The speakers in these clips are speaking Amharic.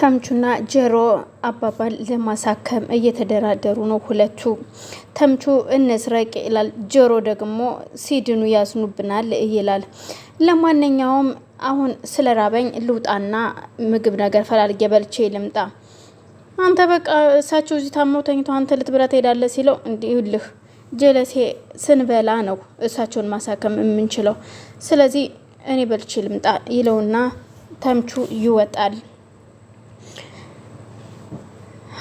ተምቹና ጀሮ አባባል ለማሳከም እየተደራደሩ ነው ሁለቱ። ተምቹ እንስረቅ ይላል፣ ጀሮ ደግሞ ሲድኑ ያዝኑብናል ይላል። ለማንኛውም አሁን ስለ ራበኝ ልውጣና ምግብ ነገር ፈላልጌ በልቼ ልምጣ። አንተ በቃ እሳቸው እዚህ ታመው ተኝተው አንተ ልትብላ ትሄዳለህ ሲለው እንዲሁልህ ጀለሴ ስንበላ ነው እሳቸውን ማሳከም የምንችለው። ስለዚህ እኔ በልቼ ልምጣ ይለውና ተምቹ ይወጣል።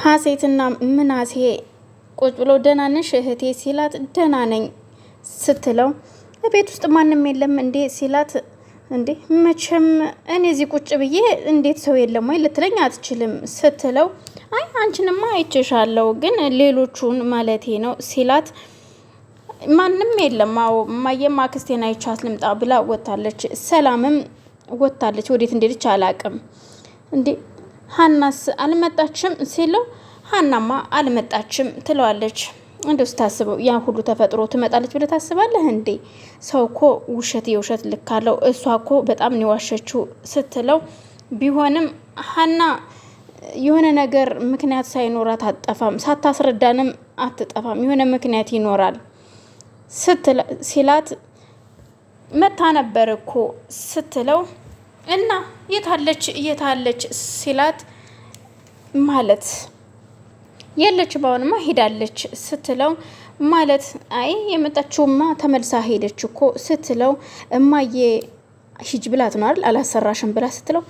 ሀሴትና ምናሴ ቁጭ ብሎ ደህና ነሽ እህቴ ሲላት ደህና ነኝ ስትለው ቤት ውስጥ ማንም የለም እንዴ ሲላት እንዴ መቼም እኔ እዚህ ቁጭ ብዬ እንዴት ሰው የለም ወይ ልትለኝ አትችልም ስትለው አይ አንቺንማ አይቼሻለሁ ግን ሌሎቹን ማለቴ ነው ሲላት ማንም የለም አዎ እማዬም አክስቴን አይቻት ልምጣ ብላ ወታለች ሰላምም ወታለች ወዴት እንደሄደች አላቅም እንዴ ሀናስ አልመጣችም ሲለው ሀናማ አልመጣችም ትለዋለች። እንደው ስታስበው ያ ሁሉ ተፈጥሮ ትመጣለች ብለህ ታስባለህ እንዴ? ሰው እኮ ውሸት የውሸት ልክ አለው። እሷ እኮ በጣም ነው የዋሸችው ስትለው ቢሆንም ሀና የሆነ ነገር ምክንያት ሳይኖራት አትጠፋም፣ ሳታስረዳንም አትጠፋም፣ የሆነ ምክንያት ይኖራል ሲላት መታ ነበር እኮ ስትለው እና የታለች የታለች ሲላት ማለት የለች ባሁንማ ሄዳለች ስትለው ማለት አይ የመጣችውማ ተመልሳ ሄደች እኮ ስትለው እማዬ ሂጅ ብላት ነው አይደል አላሰራሽም ብላ ስትለው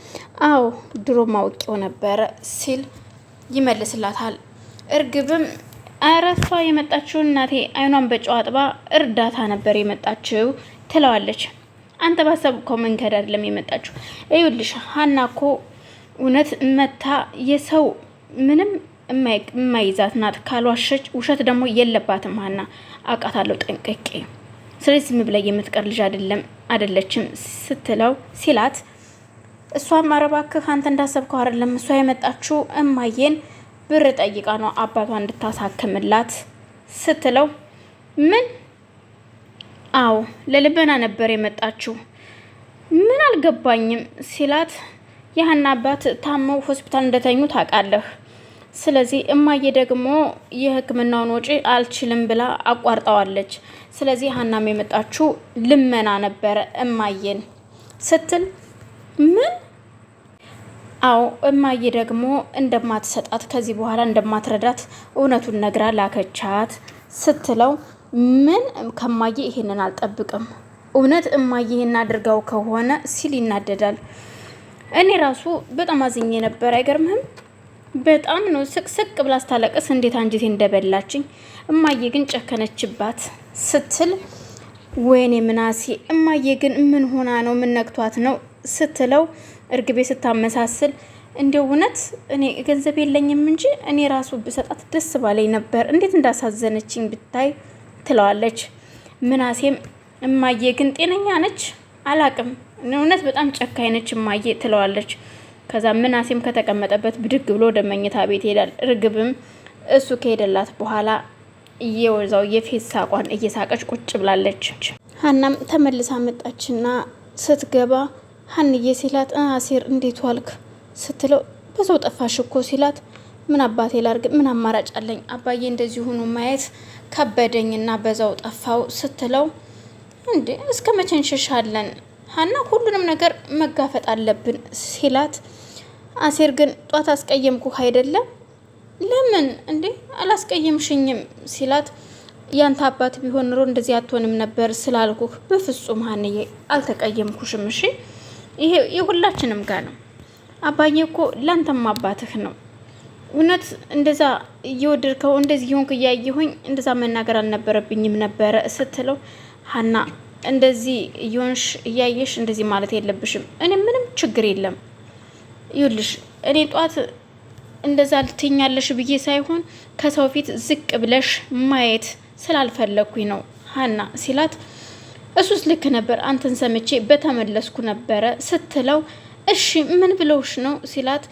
አዎ ድሮ ማውቂው ነበረ ሲል ይመልስላታል። እርግብም ኧረ የመጣችው እናቴ አይኗን በጨዋጥባ እርዳታ ነበር የመጣችው ትለዋለች። አንተ ባሰብከው መንገድ አይደለም የመጣችሁ። ይኸውልሽ ሀና እኮ እውነት መታ የሰው ምንም የማይዛት ናት። ካልዋሸች ውሸት ደግሞ የለባትም። ሀና አውቃታለሁ ጠንቅቄ። ስለዚህ ዝም ብላ የምትቀር ልጅ አይደለም አይደለችም ስትለው ሲላት እሷም ኧረ እባክህ አንተ እንዳሰብከው አይደለም። እሷ የመጣችው እማዬን ብር ጠይቃ ነው አባቷ እንድታሳክምላት ስትለው ምን አዎ ለልመና ነበር የመጣችው። ምን አልገባኝም ሲላት የሀና አባት ታመው ሆስፒታል እንደተኙ ታውቃለህ። ስለዚህ እማዬ ደግሞ የሕክምናውን ወጪ አልችልም ብላ አቋርጠዋለች። ስለዚህ ሀናም የመጣችው ልመና ነበረ እማዬን ስትል ምን? አዎ እማዬ ደግሞ እንደማትሰጣት ከዚህ በኋላ እንደማትረዳት እውነቱን ነግራ ላከቻት ስትለው ምን ከማየ ይሄንን አልጠብቅም፣ እውነት እማየ ይሄን አድርጋው ከሆነ ሲል ይናደዳል። እኔ ራሱ በጣም አዝኜ ነበር። አይገርምህም? በጣም ነው ስቅስቅ ብላ ስታለቅስ እንዴት አንጀቴ እንደበላችኝ። እማዬ ግን ጨከነችባት ስትል ወይኔ ምናሴ እማዬ ግን ምን ሆና ነው ምን ነክቷት ነው ስትለው እርግቤ ስታመሳስል እንደ እውነት እኔ ገንዘብ የለኝም እንጂ እኔ ራሱ ብሰጣት ደስ ባለኝ ነበር። እንዴት እንዳሳዘነችኝ ብታይ ትለዋለች። ምናሴም እማዬ ግን ጤነኛ ነች? አላቅም እውነት በጣም ጨካኝ ነች እማዬ ትለዋለች። ከዛ ምናሴም ከተቀመጠበት ብድግ ብሎ ወደ መኝታ ቤት ይሄዳል። ርግብም እሱ ከሄደላት በኋላ እየወዛው የፌት ሳቋን እየሳቀች ቁጭ ብላለች። ሀናም ተመልሳ መጣችና ስትገባ ሀንዬ ሲላት አሴር እንዴት ዋልክ ስትለው ብዙ ጠፋሽ እኮ ሲላት ምን አባቴ ላርግ? ምን አማራጭ አለኝ? አባዬ እንደዚህ ሆኖ ማየት ከበደኝና በዛው ጠፋው ስትለው እንዴ እስከ መቼ እንሸሻለን? ሀና ሁሉንም ነገር መጋፈጥ አለብን ሲላት፣ አሴር ግን ጧት አስቀየምኩ አይደለም? ለምን እንዴ አላስቀየምሽኝም ሲላት ያንተ አባት ቢሆን ኑሮ እንደዚህ አትሆንም ነበር ስላልኩህ በፍጹም ሀንዬ አልተቀየምኩሽም። እሺ ይሄ የሁላችንም ጋ ነው። አባዬ እኮ ላንተም አባትህ ነው። እውነት እንደዛ እየወደድከው እንደዚህ ሆንክ እያየሁኝ እንደዛ መናገር አልነበረብኝም ነበረ ስትለው ሀና እንደዚህ እየሆንሽ እያየሽ እንደዚህ ማለት የለብሽም። እኔ ምንም ችግር የለም ይልሽ እኔ ጧት እንደዛ ልትኛለሽ ብዬ ሳይሆን ከሰው ፊት ዝቅ ብለሽ ማየት ስላልፈለግኩኝ ነው ሀና ሲላት፣ እሱስ ልክ ነበር አንተን ሰምቼ በተመለስኩ ነበረ ስትለው፣ እሺ ምን ብለውሽ ነው ሲላት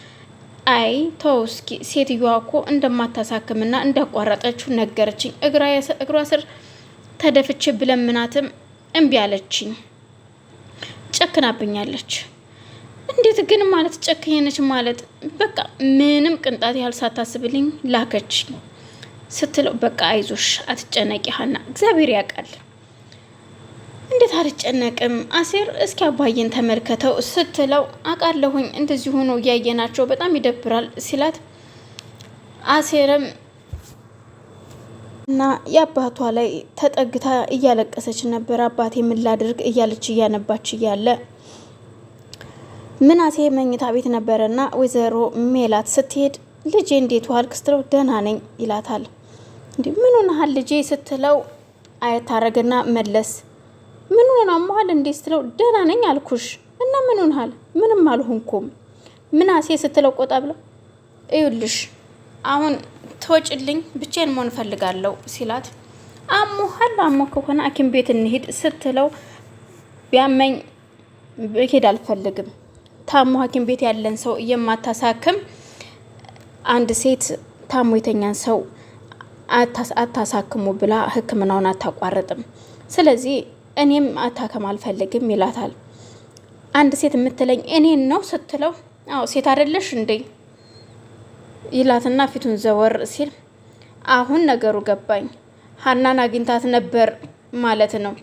አይ ተው እስኪ ሴትዮዋ እኮ እንደማታሳክምና እንዳቋረጠችው ነገረችኝ። እግሯ ስር ተደፍቼ ብለምናትም እምቢ አለችኝ። ጨክናብኛለች። እንዴት ግን ማለት ጨክኝነች ማለት በቃ ምንም ቅንጣት ያህል ሳታስብልኝ ላከችኝ ስትለው በቃ አይዞሽ አትጨነቂ ሀና እግዚአብሔር ያውቃል እንዴት አልጨነቅም? አሴር እስኪ አባዬን ተመልከተው ስትለው አውቃለሁኝ እንደዚህ ሆኖ እያየናቸው በጣም ይደብራል ሲላት አሴርም እና የአባቷ ላይ ተጠግታ እያለቀሰች ነበር። አባቴ ምን ላድርግ እያለች እያነባች እያለ ምናሴ መኝታ ቤት ነበረና ወይዘሮ ሜላት ስትሄድ ልጄ እንዴት ዋልክ ስትለው ደህና ነኝ ይላታል። እንዲ ምን ሆነሃል ልጄ ስትለው አየት ታረግና መለስ ምን ሆናል እንዴ ስትለው ደህና ነኝ አልኩሽ እና ምን ሆናል? ምንም አልሆንኩም ምናሴ ስትለው ቆጣ ብለው እዩልሽ አሁን ተወጭልኝ ብቻዬን መሆን እፈልጋለሁ ሲላት አሞ አሞ ከሆነ ሀኪም ቤት እንሂድ ስትለው ቢያመኝ መሄድ አልፈልግም። ታሞ ሀኪም ቤት ያለን ሰው የማታሳክም አንድ ሴት ታሞ የተኛን ሰው አታሳክሙ ብላ ህክምናውን አታቋርጥም። ስለዚህ እኔም አታከም አልፈልግም ይላታል። አንድ ሴት የምትለኝ እኔን ነው ስትለው፣ አዎ ሴት አይደለሽ እንዴ ይላትና ፊቱን ዘወር ሲል አሁን ነገሩ ገባኝ። ሀናን አግኝታት ነበር ማለት ነው።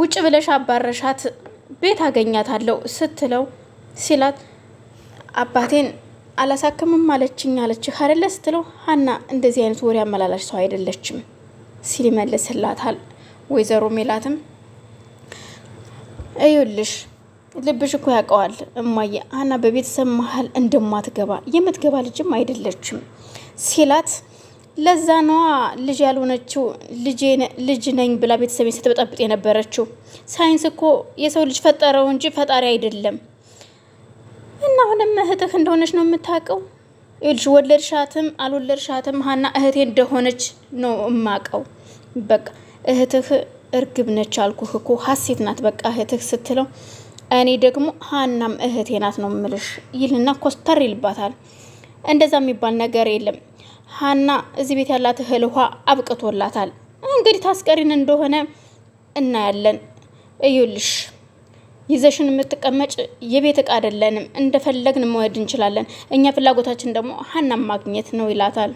ውጭ ብለሽ አባረሻት ቤት አገኛታለሁ ስትለው ሲላት አባቴን አላሳክምም አለችኝ አለችህ አይደለ ስትለው ሀና እንደዚህ አይነት ወሬ አመላላሽ ሰው አይደለችም ሲል ይመልስላታል። ወይዘሮ ሜላትም እዩልሽ ልብሽ እኮ ያውቀዋል እማዬ ሀና በቤተሰብ መሀል እንደማትገባ የምትገባ ልጅም አይደለችም ሲላት ለዛ ነዋ ልጅ ያልሆነችው ልጅ ነኝ ብላ ቤተሰብ ስትበጠብጥ የነበረችው። ሳይንስ እኮ የሰው ልጅ ፈጠረው እንጂ ፈጣሪ አይደለም። እና አሁንም እህትህ እንደሆነች ነው የምታውቀው። ልጅ ወለድሻትም አልወለድሻትም ሀና እህቴ እንደሆነች ነው የማውቀው። በቃ እህትህ እርግብ ነች አልኩህ እኮ ሀሴት ናት በቃ እህትህ ስትለው እኔ ደግሞ ሀናም እህቴ ናት ነው ምልሽ ይልና ኮስተር ይልባታል። እንደዛ የሚባል ነገር የለም ሀና እዚህ ቤት ያላት እህል ውሃ አብቅቶላታል። እንግዲህ ታስቀሪን እንደሆነ እናያለን። እዩልሽ ይዘሽን የምትቀመጭ የቤት እቃ አይደለንም፣ እንደፈለግን መወድ እንችላለን። እኛ ፍላጎታችን ደግሞ ሀናም ማግኘት ነው ይላታል።